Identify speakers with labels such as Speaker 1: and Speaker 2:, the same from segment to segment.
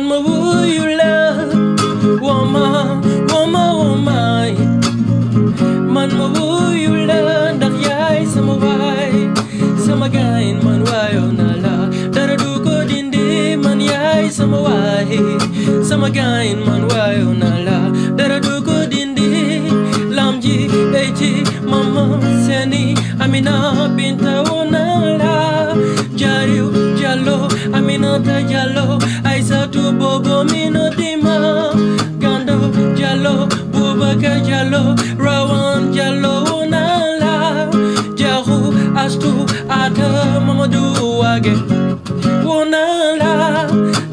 Speaker 1: woman, my who you love. Woman, woman, woman. Man, my who you love. Dak yai sa wai. sama magain man wai o Dara duko dindi man yai sama wai. sama magain man wai o Dara duko dindi. Lamji, beji, mama, seni. Amina, binta o nala. Jariu, jalo, aminata, jalo. bogo minotima gando jalo bubaka jalo rawan jalo nala jauh astu ada mamadu wage wonala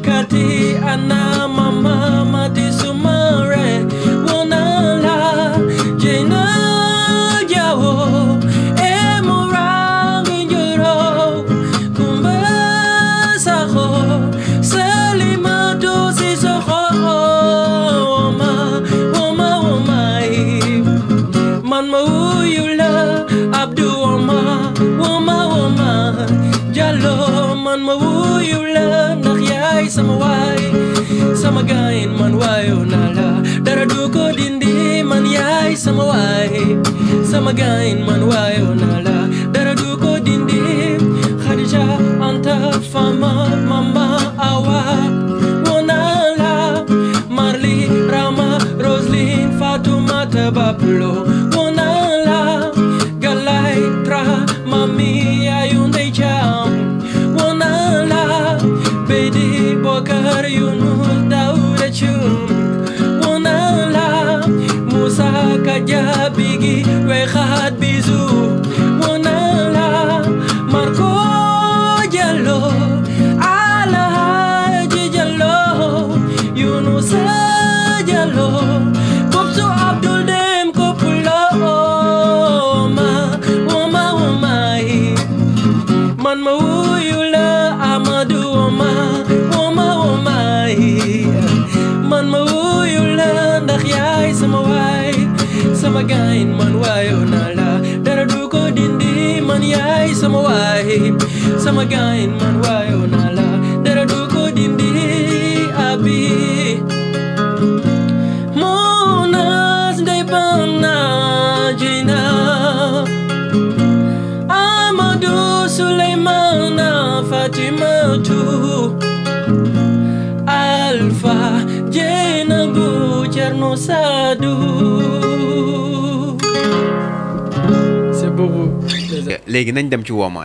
Speaker 1: kati ana mama mati sumare wonala jena jawo emurang juro kumbasa magain man wayo nala Daraduko dindi man yay samawai Samagain man wayo nala Daraduko dindi Khadija anta fama mama awa Wonala Marli Rama Roslin Fatuma tabaplo raja bigi we khat bizu monala marco jallo ala jallo yunus jallo kopsu abdul dem kopulo ma wama wama man ma man yai sama wai sama gain man wai onala dara duko dindi abi monas dai pana jina amadu sulaimana fatima tu alfa jena bu cerno sadu léegi nañ dem ci woomaan